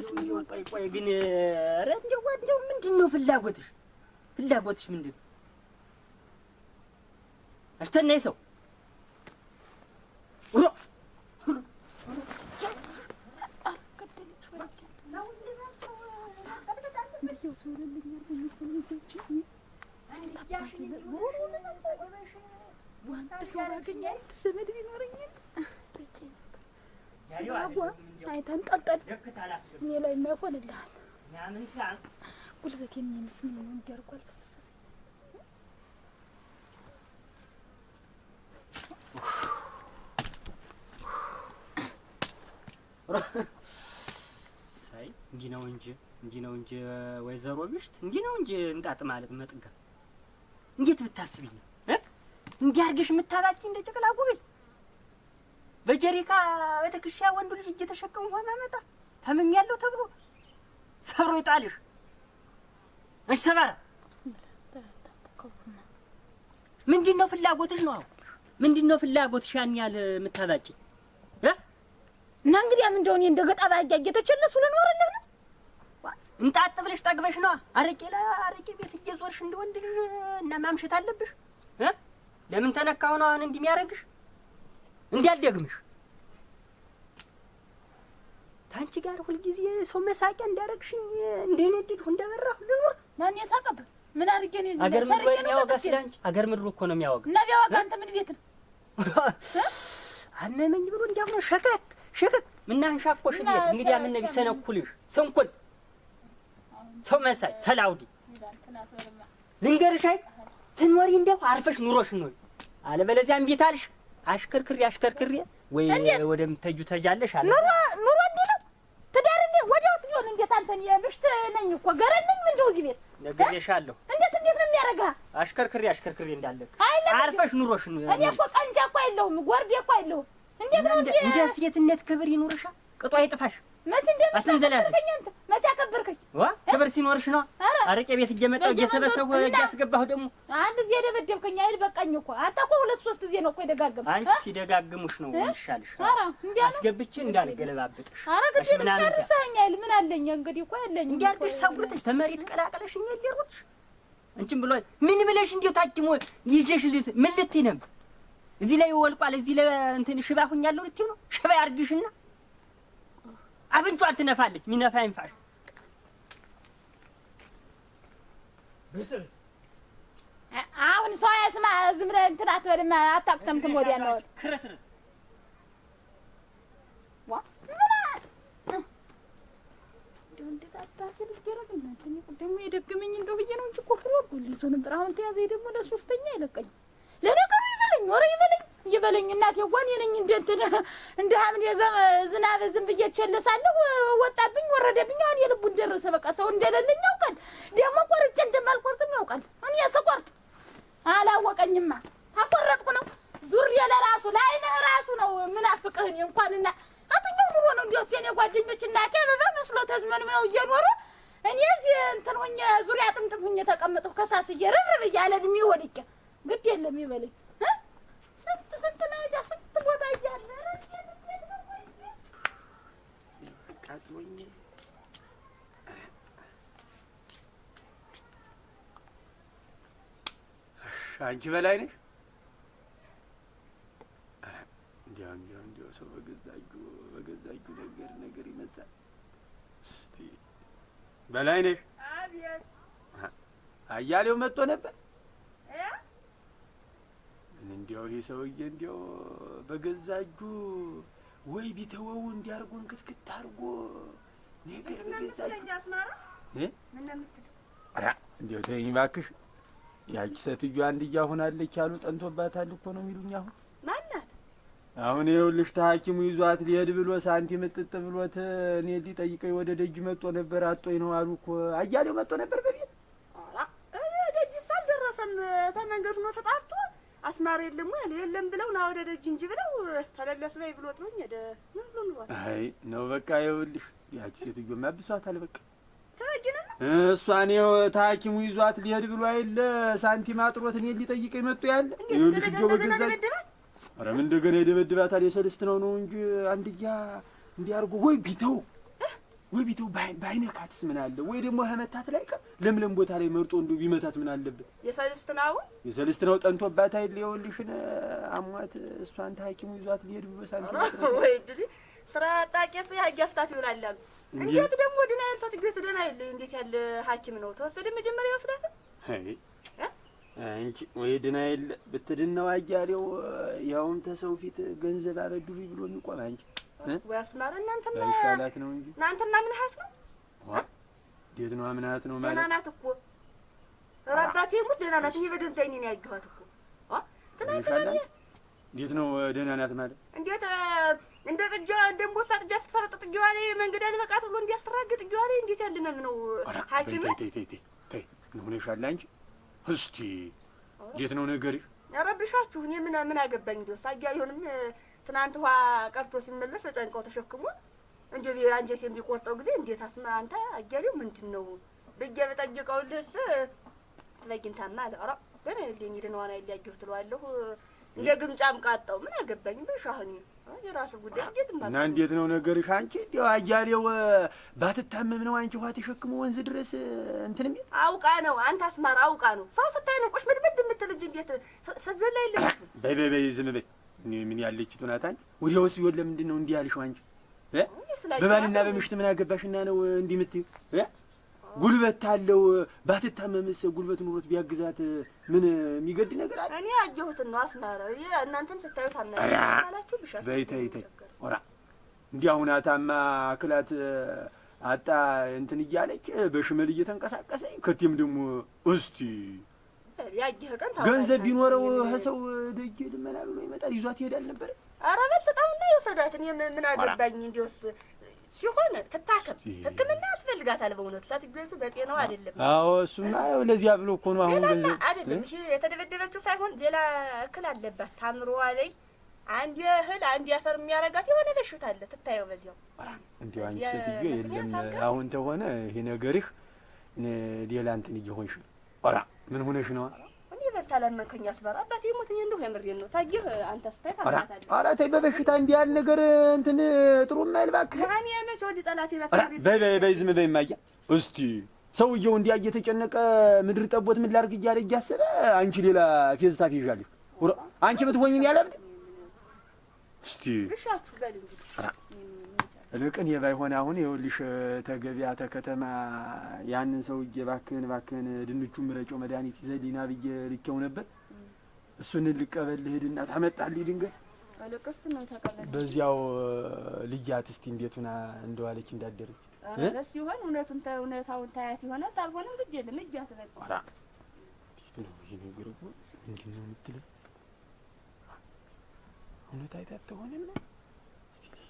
እስኪ ቆይ ቆይ ግን ኧረ እንደው እንደው ምንድን ነው ፍላጎትሽ? ፍላጎትሽ ምንድን ነው? አልተናይ ሰው ይሆንልሃል። ጉልበት የሚያንስ ምን ነው እንዲያርጓል ፍስፍስ ሳይ ነው እንጂ ነው እንጂ ወይዘሮ ምሽት ነው እንጂ እንጣጥ ማለት መጥገብ እንዴት ብታስብኝ ነው እንዲህ አድርገሽ እንደ ጨቅላ ጉብል በጀሪካ በትከሻ ወንዱ ልጅ እየተሸከሙ ሆና መጣ ተብሎ ሰብሮ ይጣልሽ። እሺ ሰባራ፣ ምንድን ነው ፍላጎትሽ? ነው ምንድን ነው ፍላጎትሽ? ያን ያህል የምታባጭ እና እንግዲህ ምን እንደሆነ እንደ ገጣባ ያያጌቶች እነሱ ልንኖርልህ ነው። እንጣጥ ብለሽ ጠግበሽ ነዋ። አረቄ ለአረቄ ቤት እየዞርሽ እንደወንድ ልጅ እና ማምሸት አለብሽ። ለምን ተነካው ነው አሁን እንዲህ የሚያደርግሽ? እንዲያልደግምሽ ታንቺ ጋር ሁልጊዜ ሰው መሳቂያ እንዳረግሽኝ እንደነድድሁ እንደበራሁ ልኑር። ማን የሳቀብ? ምን አድርጌ ነው እዚህ አገር ምድሩ የሚያወጋ ሲዳንች አገር ምድሩ እኮ ነው የሚያወጋ። እና ቢያወጋ አንተ ምን ቤት ነው አመመኝ ብሎ እንዲያምነ ሸከክ ሸከክ ምናንሻኮሽ ቤት እንግዲህ ያምነቢ ሰነኩልሽ ስንኩል ሰው መሳይ ሰላውዲ ልንገርሻይ አይ ትኖሪ እንደው አርፈሽ ኑሮሽ ኑሪ። አለበለዚያ እምቢ ታልሽ አሽከርክሬ አሽከርክሬ ወይ ወደምተጁ ተጃለሽ አለ ኑሮ ኑሮ አንተን የብሽት ነኝ እኮ ገረድ ነኝ። እንደው እዚህ ቤት ነግሬሻለሁ። እንዴት እንዴት ነው የሚያደርግህ? አሽከርክሬ አሽከርክሬ እንዳለቅ አርፈሽ ኑሮሽ። ነው። እኔ እኮ ቀንጃ እኮ የለውም ጎርዴ እኮ የለውም። እንዴት ነው እንደ ሴትነት ክብር ይኑርሻ፣ ቅጧ አይጥፋሽ። መቼ እንደምታከብርከኝ አንተ መቼ አከበርከኝ? ክብር ሲኖርሽ ነው። አረቄ ቤት እየመጣሁ እየሰበሰቡ እያስገባሁ ደግሞ አንድ ጊዜ የደበደብከኝ አይደል? በቃኝ እኮ አንተ እኮ ሁለት ሶስት ጊዜ ነው እኮ አንቺ ሲደጋግሙሽ ነው ይሻልሽ። አስገብቼ እንዳልገለባብጥሽ። ጨርሰኸኝ አይደል? ምን አለኝ እንግዲህ እኮ እንቺም ብሎ ምን ብለሽ ታኪሞ ይዤሽ ምን ልትይ እዚህ ላይ ወልቋል፣ እዚህ ላይ እንትን ሽባ ሁኛለሁ ልትይ ነው? ሽባ ያርግሽና አፍንጫዋን ትነፋለች። ሚነፋ ይንፋሽ። አሁን ሰው ያስማ። ዝም ብለህ እንትን አትበልም፣ አታቁተምትም። ወዲያ ነው ደግሞ የደገመኝ እንደው ብዬ ነው እንጂ እኮ ፍሮ ልይዞ ነበር። አሁን ተያዘኝ ደግሞ ለሶስተኛ አይለቀኝም። ለነገሩ ይበለኝ፣ ወሬ ይበለኝ ይበለኝ እናቴ ዋን የነኝ እንደ እንትን እንደ ሀምን ዝናብ ዝም ብዬ እቸለሳለሁ። ወጣብኝ ወረደብኝ። አሁን የልቡ እንደረሰ በቃ ሰው እንደሌለኝ ያውቃል። ደግሞ ቆርጬ እንደማልቆርጥም ያውቃል። እኔ ስቆርጥ አላወቀኝማ አቆረጥኩ ነው። ዙሬ ለራሱ ለአይንህ ራሱ ነው ምናፍቅህ እንኳን እና አትኛው ኑሮ ነው እንዲያው የኔ ጓደኞች እናቴ አበባ መስሎ ተዝመን ነው እየኖሩ እኔ እዚህ እንትን ሆኜ ዙሪያ ጥምጥም ሆኜ ተቀምጥሁ ከሳስዬ ርር ብዬ አለ እድሜ ወድቄ ግድ የለም ይበለኝ ታዲያ ስንት ቦታ እያለ አቃጥሎኝ አንቺ በላይ ነሽ። እንዲያው እንዲያው እንዲያው ሰው በገዛ እጁ በገዛ እጁ ነገር ነገር ይመጣል። እስቲ በላይ ነሽ። አያሌው መጥቶ ነበር እንዲያው ይሄ ሰውዬ እንዲያው በገዛ እጁ ወይ ቢተወው እንዲያርጎን ክትክት አርጎ ነገር በገዛ እጁ እንዲያው ተይኝ እባክሽ። ያቺ ሴትዮ አንድያ ሆናለች አሉ ጠንቶባታል እኮ ነው የሚሉኝ። አሁን ማናት? አሁን ይኸውልሽ ተሐኪሙ ይዟት ሊሄድ ብሎ ሳንቲም እጥጥ ብሎት እኔ ሊጠይቀኝ ወደ ደጅ መጥቶ ነበር። አጦኝ ነው አሉ እኮ አያሌው መጥቶ ነበር በቤት ደጅ ሳልደረሰም ተመንገዱ ነው ተጣርቶ አስማር የለም ወይ የለም ብለው ና ወደ ደጅ እንጂ ብለው ተለለስ በይ ብሎ ጥሎኝ ሄደ። ምን ብሎ ነው? አይ ነው በቃ ይኸውልሽ፣ ያቺ ሴትዮ ማብሷታል። በቃ ተበጅነና እሷን ይኸው ታኪሙ ይዟት ሊሄድ ብሎ አይለ ሳንቲም አጥሮት እኔን ሊጠይቀኝ መጡ ያለ ይኸውልሽ፣ እጆ በገዛ ኧረ ምን እንደገና ይደበድባታል። የሰልስት ነው ነው እንጂ አንድያ እንዲያርጉ ወይ ቢተው ወይ ቢተው ባይነካትስ ምን አለ? ወይ ደግሞ ህመታት ላይ ቀር ለምለም ቦታ ላይ መርጦ እንዲሁ ቢመታት ምን አለበት? የሰልስትናው የሰልስትናው ጠንቶባት አይደል? ይኸውልሽን አሟት እሷን ሐኪሙ ይዟት ሊሄድ ብሎ ወይ ድሊ ስራ ጣቄስ ያጋፍታት ይሆናል አሉ። እንዴት ደግሞ ድና ያልሳት ግቤቱ ደና ይል እንዴት ያለ ሐኪም ነው ተወሰደ መጀመሪያ ይወስዳት አይ አንቺ ወይ ድና ይል ብትድነው አያሌው ያውም ተሰው ፊት ገንዘብ አበድሩኝ ብሎ የሚቆም አንቺ ወያስማረ እናንተማ ይሻላት ነው እንጂ ነው? እንዴት ነው ማለት? ደህና ናት እኮ ኧረ አባቴ ደህና ናት። ይሄ በደንዛ አይኔ ነው ያየኋት እኮ ትናንትና። እንዴት ነው ደህና ናት ማለት? እንዴት እንደ ጥጃ እንደ ጥጃ ስትፈረጥ ጥጃዋ ላይ መንገድ አልበቃት ብሎ እንዲያስተራግጥ ጥጃዋ ላይ እንዴት ያለ መም ነው ሐኪም ተይ ተይ ተይ ተይ ምን ሆነሻል አንቺ? እስቲ እንዴት ነው ነገርሽ? ኧረ እኔ ምን ምን አገባኝ? እንደው ሳያ ይሁንም ትናንት ውሃ ቀርቶ ሲመለስ ተጨንቀው ተሸክሞ እንዲ አንጀት የሚቆርጠው ጊዜ እንዴት አስማ አንተ አያሌው ምንድን ነው ብዬ በጠየቀው ልስ ትበይንታማ አለ። ኧረ ግን ልኝ ድንዋና ይለያየሁ ትለዋለሁ እንደ ግምጫም ቃጠው ምን አገባኝ በሻህኒ የራሱ ጉዳይ እንዴት እና እንዴት ነው ነገርሽ? አንቺ እንዲያው አያሌው ባትታመም ነው አንቺ ውሃ ተሸክሞ ወንዝ ድረስ እንትን የሚል አውቃ ነው። አንተ አስማር አውቃ ነው ሰው ስታይ ነው ቆሽ ምድምድ የምትልጅ እንዴት ስዘላ የለም በይ በይ ዝም በይ ምን ያለች ጡናታን ወዲያውስ ቢሆን ለምንድን ነው እንዲህ ያልሽው አንቺ? በባልና በምሽት ምን አገባሽና ነው እንዲህ የምትይው? ጉልበት ታለው ባትታመምስ ጉልበት ኑሮት ቢያግዛት ምን የሚገድ ነገር አለ? እኔ ያየሁትን ነው አስማረ። እናንተም ስታዩት ታምናላችሁ። ብሻ በይ ተይ ተይ፣ ኦራ እንዲህ አሁን አታማ ክላት አጣ እንትን እያለች በሽመል እየተንቀሳቀሰ ከቲም ደግሞ እስቲ ገንዘብ ቢኖረው ሰው ደጅ ልመና ብሎ ይመጣል፣ ይዟት ይሄዳል ነበር። ኧረ በስጠውና የወሰዳት እኔ ምን አገባኝ። እንዲውስ ሲሆን ትታከም፣ ሕክምና ያስፈልጋታል። በእውነቱ ሳትገቱ በጤናው አይደለም። አዎ እሱማ ያው ለዚያ ብሎ እኮ ነው። አሁን ገንዘብ አይደለም የተደበደበችው ሳይሆን ሌላ እክል አለባት ታምሮዋ አለኝ አንድ እህል አንድ አፈር የሚያረጋት የሆነ በሽታ አለ። ትታየው በዚያው እንዲሁ አንቺ ሴትዮ የለም አሁን ተሆነ ይሄ ነገርህ ሌላ እንትን እየሆንሽ ነው ራ ምን ሆነሽ ነው? እኔ በሳላን መከኝ አስባራ አባቴ ይሞት እኔ እንደው የምሬን ነው። ታጊህ አንተ ስታይ ታማታለህ። ኧረ ተይ በበሽታ እንዲህ ያህል ነገር እንትን ጥሩ ማይልባክ ያን ያለሽ ወዲ ጠላት ይላል። በይ በይ በይ ዝም በይ ማያ። እስቲ ሰውየው እንዲያ እየተጨነቀ ምድር ጠቦት ምን ላድርግ እያለ እያሰበ አንቺ ሌላ ፌዝ ፊዣል አንቺ ብትሆኚ ነው ያለብኝ። እስቲ እሻችሁ በል እንግዲህ ልቅን ሆነ አሁን ይኸውልሽ ተገቢያ ተከተማ ያንን ሰውዬ ባክህን ባክህን ድንቹ ረጮ መድኃኒት ይዘህልኝ ና ብዬ ልኬው ነበር። እሱን ልቀበል ሂድና ታመጣልኝ ድንገት በዚያው ልያት እስቲ እንዴት እንደዋለች እንዳደረች ሲሆን እውነቱን እውነታውን ታያት ይሆናል። ታልሆነም ግድ የለም እጃት በቃ ነው ይህ ነገር? ምንድን ነው እውነት አይታት ነው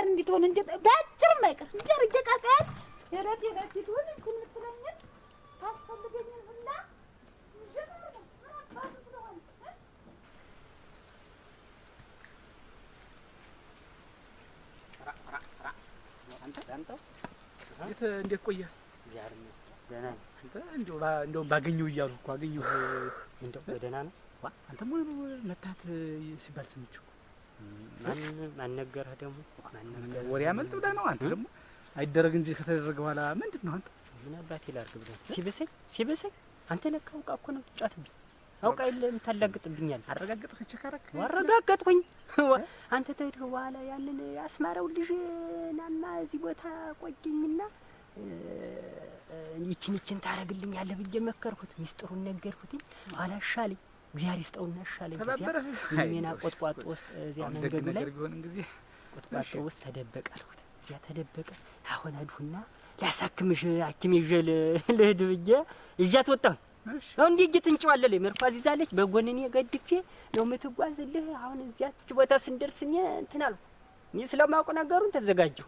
ዳር እንድትሆን እንደ ባጭር ማይቀር ዳር እየቃቃያል የረት የረት ይሁን እንትን ምትለኝ ታስፈልገኝ ሁላ አንተ እንዴት ቆየህ? እንደው እንደውም ባገኘሁ እያሉ እኮ አገኘሁ። እንደው ደህና ነው። አንተም መታት ሲባል ስምቼው ማን ደግሞ? ወሬ ብለህ ነው አንተ ደግሞ። አይደረግ እንጂ ከተደረገ በኋላ ምንድን ነው አንተ? ምን አባቴ ላድርግ ብለህ ሲብሰኝ ሲብሰኝ አንተ ለካ አውቃ እኮ ነው አውቃ አረጋገጥኩኝ። አንተ ተሄድህ በኋላ ያንን ልጅ ናማ እዚህ ቦታ ቆየኝና ይችን ይችን ታረግልኛለህ ብዬ መከርኩት፣ ሚስጥሩን ነገርኩትኝ። አላሻለኝ እግዚአብሔር ይስጠውና ይሻለኝ ሜና ቆጥቋጦ ውስጥ እዚያ መንገዱ ላይ ቆጥቋጦ ውስጥ ተደበቀ አልኩት። እዚያ ተደበቀ። አሁን አድሁና ላሳክምሽ ሐኪም ይዤ ልሂድ ብዬ እዣት ወጣሁኝ። አሁን እንዲህ እጅት እንጨዋለን መርፋዝ ይዛለች። በጎንኔ ገድፌ ነው የምትጓዝልህ። አሁን እዚያች ቦታ ስንደርስ እኔ እንትን አልኩ። እኔ ስለማውቅ ነገሩን ተዘጋጀሁ።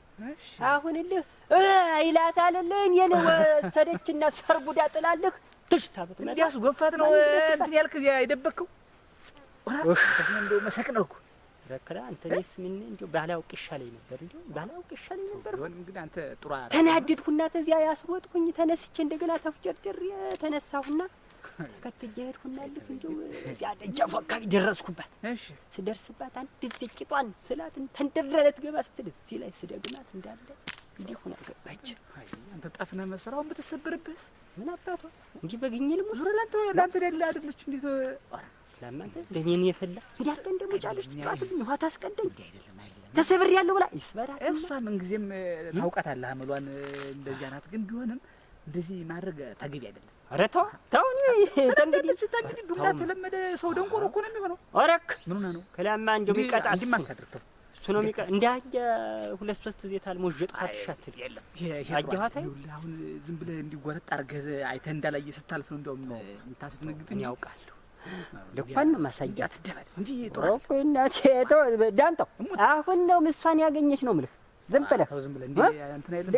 አሁን ልህ ይላታልልህ እኔን ወሰደችና ሰርጉዳ ጥላልህ በሽታ እንዲያስ ጎፋት ነው እንትን ያልክ የደበቅከው እንደው መሰቅ ነው እኮ በክራ አንተ ምን ባላውቅ ይሻለኝ ነበር። ባላውቅ ይሻለኝ ነበር። አንተ ጥሩ ተናደድኩና ተዚያ ያስሮጥኩኝ ተነስቼ እንደገና ተፍጨርጭር ሄድኩና ልክ እዚያ ደጃፉ አካባቢ ደረስኩባት። ስደርስባት አንድ ዝቂጧን ተንደረለት ገባ ስትል እዚህ ላይ ስደግማት እንዳለ ገባች። አንተ ጠፍነህ መሰራ አሁን ብትሰብርብህስ ምን አባቷ እንጂ በግኝ ልሙ ዙረ ላንተ ላንተ ደላ አይደለች። እንዴ? ኧረ ለማንተ ለኔን የፈላ እንዲያርቀን ደግሞ ጫለች ትጫወትብኝ ውሃ ታስቀደኝ ተሰብር ያለው ብላ ይስበራ እሷ ምን ጊዜም ታውቃታለህ። አመሏን እንደዚያ ናት። ግን ቢሆንም እንደዚህ ማድረግ ተገቢ አይደለም። ኧረ ተው ተው ተንግዲህ ተንግዲህ ዱላ ተለመደ ሰው ደንቆሮ እኮ ነው የሚሆነው። ኧረ ምን ሆነህ ነው ከላማ እንደው ይቀጣል እንዲማካድርተው እሱ ነው የሚቀር። እንደ አያ ሁለት ሶስት ጊዜ ታልሞዠጥ አትሻትል የለም። አየኋት። አሁን ዝም ብለህ እንዲወረጥ አድርገህ አይተህ እንዳላየ ስታልፍ ነው እንደውም የምታስደነግጥኝ። ያውቃለሁ ልኳን ነው ማሳያ ትደበል እንጂ ጦናቴ ዳንተው አሁን ነው ምሷን ያገኘች ነው ምልህ ዝም ብለህ ዝም ብለህ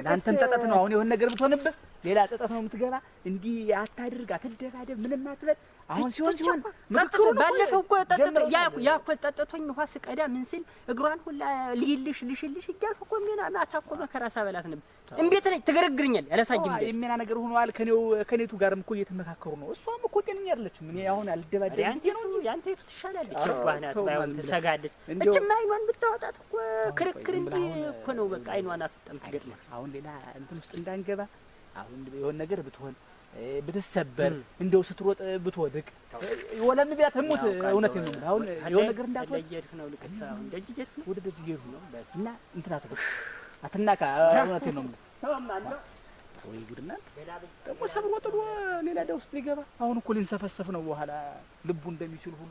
ለአንተም ጠጠት ነው አሁን የሆነ ነገር ብትሆንብህ ሌላ ጠጠት ነው የምትገባ። እንዲህ አታድርግ፣ አትደባደብ፣ ምንም አትበል አሁን ሲሆን ሲሆን ምክሩ ባለፈው እኮ ጠጥቶ ያ ያ እኮ ጠጥቶኝ ውሃ ስቀዳ ምን ሲል እግሯን ሁላ ልይልሽ ልሽልሽ እያልኩ እኮ ምን ማታ እኮ መከራ ሳበላት ነበር። እንዴት ነኝ ትገረግርኛል ያለሳጅም እንዴ የሚና ነገር ሆኗል። ከኔው ከኔቱ ጋርም እኮ እየተመካከሩ ነው። እሷም እኮ ጤነኛ አይደለችም። እኔ አሁን አልደባደብ ያንተ ነው እንጂ ያንተ ይቱ ትሻላለች። እርባናት ባይሆን ትሰጋለች። እችማ አይኗን ብታወጣት እኮ ክርክር እንዴ እኮ ነው። በቃ አይኗን አፍጠም ትገጥማ። አሁን ሌላ እንትን ውስጥ እንዳንገባ አሁን የሆነ ነገር ብትሆን ብትሰበር እንደው ስትሮጥ ብትወድቅ ወለም ቢያ ተሙት እውነት ነው። አሁን የሆነ ነገር እንዳትወድ ደጅ ነው ልቅሳ አሁን ደጅ ጀት ነው ወደ ደጅ ጀት ነው እና እንትና ተፈ አትናካ እውነት ነው። ሰውም አለው ወይ ጉድና ደግሞ ሰብሮ ጥሎ ሌላ ደውስ ሊገባ አሁን እኮ ሊንሰፈሰፍ ነው። በኋላ ልቡ እንደሚችል ሁሉ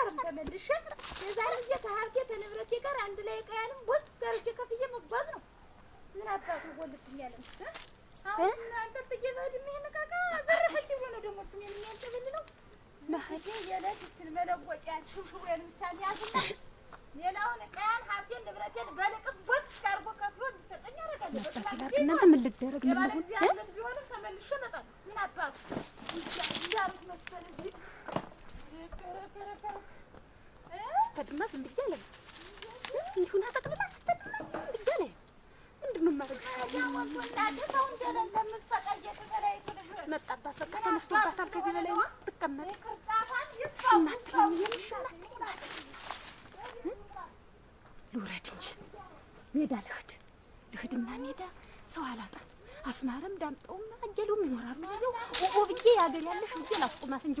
አልቀርም ተመልሼ የዛሬ ጊዜ ከሀብቴ ከንብረቴ ጋር አንድ ላይ ቀያልም ጎል ጋርጄ ከፍዬ መጓዝ ነው። ምን አባቱ ጎልብኛል። አሁን አንጠጥዬ በእድሜ ንቃቃ ዘረፈች የሆነ ደግሞ ስሜን የሚያንጥብል ነው። ይሄ የዕለት ይችን መለወጫን ሽውሽውን ብቻ ያዝና ሌላውን ቀያን ሀብቴን ንብረቴን በልቅም ጎል ጋርጎ ከፍሎ እንዲሰጠኝ ያደርጋለሁ። በቅላቅና ምን ልደረግ ምን ቢሆንም ተመልሼ መጣል ምን አባቱ እንዳሉት መሰል እዚህ ስተድማ ዝም ብዬሽ አለኝ። እንዲሁን አጠቅልላ ስተድማ ምንድን ነው መጣባት በቃ ተነስቶባታል። ከዚህ በላይ ልውረድ እንጂ ሜዳ ልሂድ ልሂድና ሜዳ ሰው አላጣም። አስማረም ዳምጠውም አየለውም ይኖራሉ ያገር ያለሽ እንጂ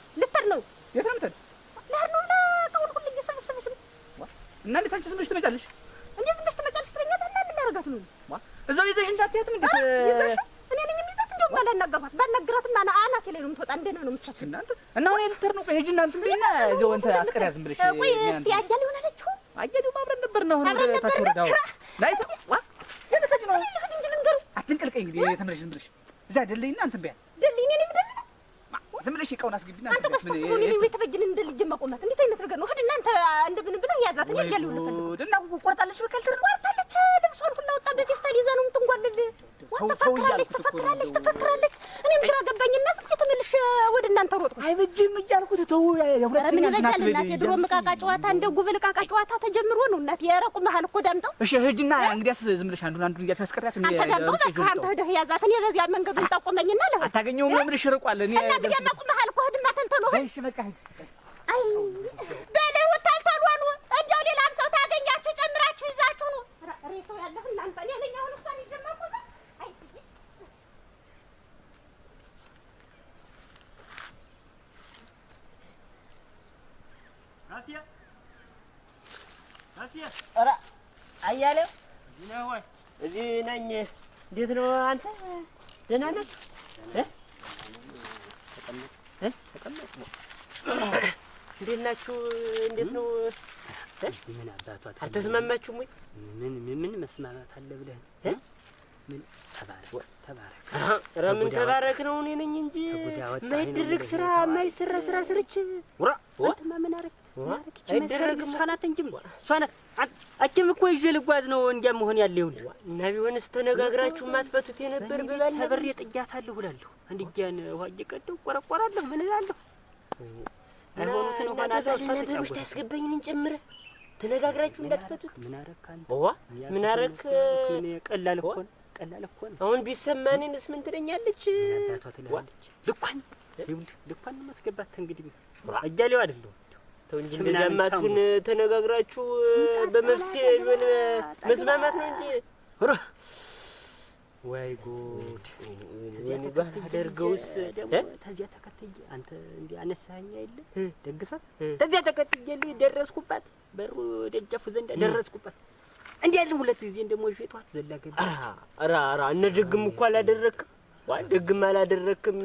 ትመጫለሽ እንዴ? ዝም ብለሽ ትመጫለሽ ትለኛለህ። ምን እናደርጋት ነው እዛው ይዘሽ እንዳትያትም እንዴ? ይዘሽ እኔ ነኝ የሚይዛት። እንደውም አላናገርኳት፣ ባናግራት እና አናቴ ላይ ነው የምትወጣ። እንዴት ነው ነው የምትሰጥ እናንተ እና አሁን የልትሄድ ነው። ቆይ ሂጂ እናንተ ቢና እዛው እንትን አስቀሪያ ዝም ብለሽ ቆይ እስቲ አያሌው ሆነ አለችው። አያሌው አብረን ነበር ነው አሁን ታች ወርዳው ላይ ዋ የልትሄጂ ነው እንጂ ልንገሩ አትንቀልቀኝ እንግዲህ ተመለሽ ዝም ብለሽ እዛ አይደለኝና እንትን ቢያል ዝም ብለሽ እቃውን አስገቢና አንተ ነገር ነው። እናንተ እንደምን ብለህ ያዛት ቆርጣለች፣ ልብሷን ሁላ ወጣ በፌስታል ይዛ ነው የምትንጓልል። ተፈክራለች፣ ተፈክራለች፣ ተፈክራለች። እኔም ግራ ገባኝና ዝም ብዬ ተመልሼ ወደ እናንተ ሮጥኩ። አይበጅም ተው። ምን ይበጃል እናቴ፣ የድሮ እቃቃ ጨዋታ እንደ ጉብል ቃቃ ጨዋታ ተጀምሮ ነው እናት። የረቁ መሀል እኮ ዳምጠው። እሺ ሂጂና እንግዲያስ ዝም ብለሽ አንዱን አንዱን እያልሽ አስቀሪያት። አንተ ዳምጠው በቃ አንተ ሂደህ ያዛት። እኔ በዚያ መንገዱን ጠቁመኝና ለህ አታገኘውም። የምልሽ ርቋል። እኔ እና ግዲያማ ቁም መሀል እኮ ሂድማ ተልተሎ። እሺ በቃ ሂጂ አይ በለው አሉ እንደው ሌላም ሰው ታገኛችሁ ጨምራችሁ ይዛችሁ ነው ሬሳው ያለሁ እናንተ። እኔ ነኝ አሁን እሷን ይጀምራል ኧረ አያሌው እዚህ ነኝ። እንዴት ነው አንተ? ደህና ነህ? እንዴት ናችሁ? እንዴት ነው? ምን አባቷ አልተስማማችሁም ወይ? ምን ምን መስማማት አለ ብለህ ምን ተባረክ ተባረክ። ነው? እኔ ነኝ እንጂ የማይደረግ ስራ የማይሰራ ስራ ስርች ኧረ አንተማ ምን አይደረግም። አንቺም እኮ ይዤ ልጓዝ ነው እንዲያ መሆን ያለ እና ቢሆንስ ተነጋግራችሁ ማትፈቱት የነበር ብላለሁ። ሰብሬ ጥጃታለሁ ውሃ እየቀደው ቆረቆራለሁ። ምን እላለሁ? አይሆኑትን ተነጋግራችሁ እንዳትፈቱት። ምን አረክ ዋ ምን አረክ? ቀላል እኮ ነው፣ ቀላል እኮ ነው። አሁን ምን ትለኛለች? ልኳን ልኳን ማስገባት እንግዲህ እያሌው አይደለሁም እንደዛማቱን ተነጋግራችሁ በመፍትሄ ምን መስማማት ነው እንጂ ወይ ጉድ! ወይ ወይኔ ባደርገውስ ተዚያ ተከትዬ አንተ እንዲህ አነሳኸኝ አይደል ደግፈ ተዚያ ተከትዬ ልህ ደረስኩባት። በሩ ደጃፉ ዘንድ ደረስኩባት። እንዲህ አይደል? ሁለት ጊዜ ደግሞ እሺ፣ ጠዋት ዘላ ገባ። አራ ኧረ እነ ደግም እኮ አላደረክም፣ ዋይ ደግም አላደረክም።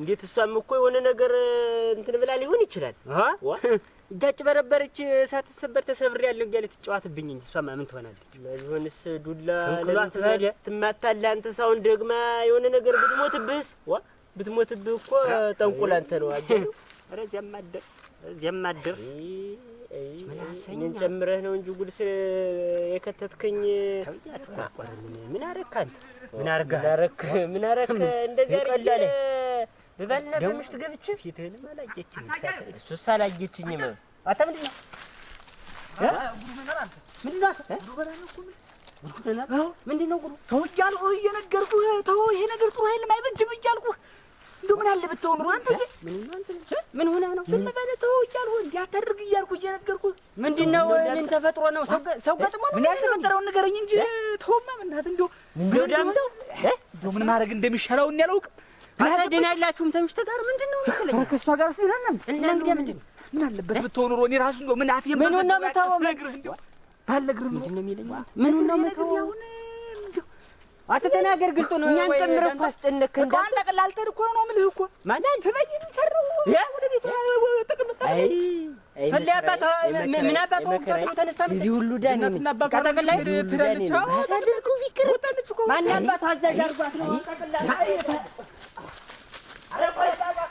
እንዴት እሷም እኮ የሆነ ነገር እንትን ብላ ሊሆን ይችላል። እጃጭ በረበረች ሳትሰበር ተሰብሬ ያለው እያለች ትጫዋትብኝ እንጂ እሷማ ምን ትሆናለች? ለዚሆንስ ዱላ ትማታለህ። አንተ ሳውን ደግማ የሆነ ነገር ብትሞትብህስ? ብትሞትብህ እኮ ጠንቁል አንተ ነው። ኧረ እዚያም አትደርስ፣ እዚያም አትደርስ። ምን ጨምረህ ነው እንጂ ጉድስ የከተትክኝ። ምን አረካ አንተ? ምን አረካ ምን አረክ? እንደዚያ ቀላለ ልበልና በምሽት ገብቼ ፊትህንም አላየችኝም። እሱስ አላየችኝም። አንተ ምንድን ነው ምንድን ነው ጉዱ? ተው እያልኩህ እየነገርኩህ ተው፣ ይሄ ነገር ጥሩ አይልም፣ አይበጅም እያልኩህ እንደው ምን አለ ብትሆን ኑሮ አንተ ምን ሆነህ ነው? ዝም በለ ተው እያልኩህ እንዲያታድርግ እያልኩህ እየነገርኩህ ምንድን ነው? ምን ተፈጥሮ ነው? ሰው ገጥሞ ምን ያልተፈጠረውን ንገረኝ እንጂ ተውማ፣ በእናትህ እንደው ምን ማድረግ እንደሚሻለው እኔ አላውቅም። አታደናላችሁም? ተምሽተ ጋር ምንድን ነው የምትለኝ? ተምሽተ ጋር ሲለንም እና እንዲያ ምንድን ነው ምን አለበት ብትሆኑ ኖሮ እኔ ራሱ እንደው ምን አትየም ምን ነው መታወ ነግርህ እንደው ባልነግርህ ምንድን ነው የሚለኝ? ምን ነው መታወ አትተናገር ግልጡ ነው። እኛን ጨምረ እኮ አስጨነክ እንዴ? አንተ ቀላል ተር ነው ምልህ እኮ ማናን ተበይን ተረው ያ ወደ ቤት ጥቅም አይ ምን አባታ ተነስታ ¡A pues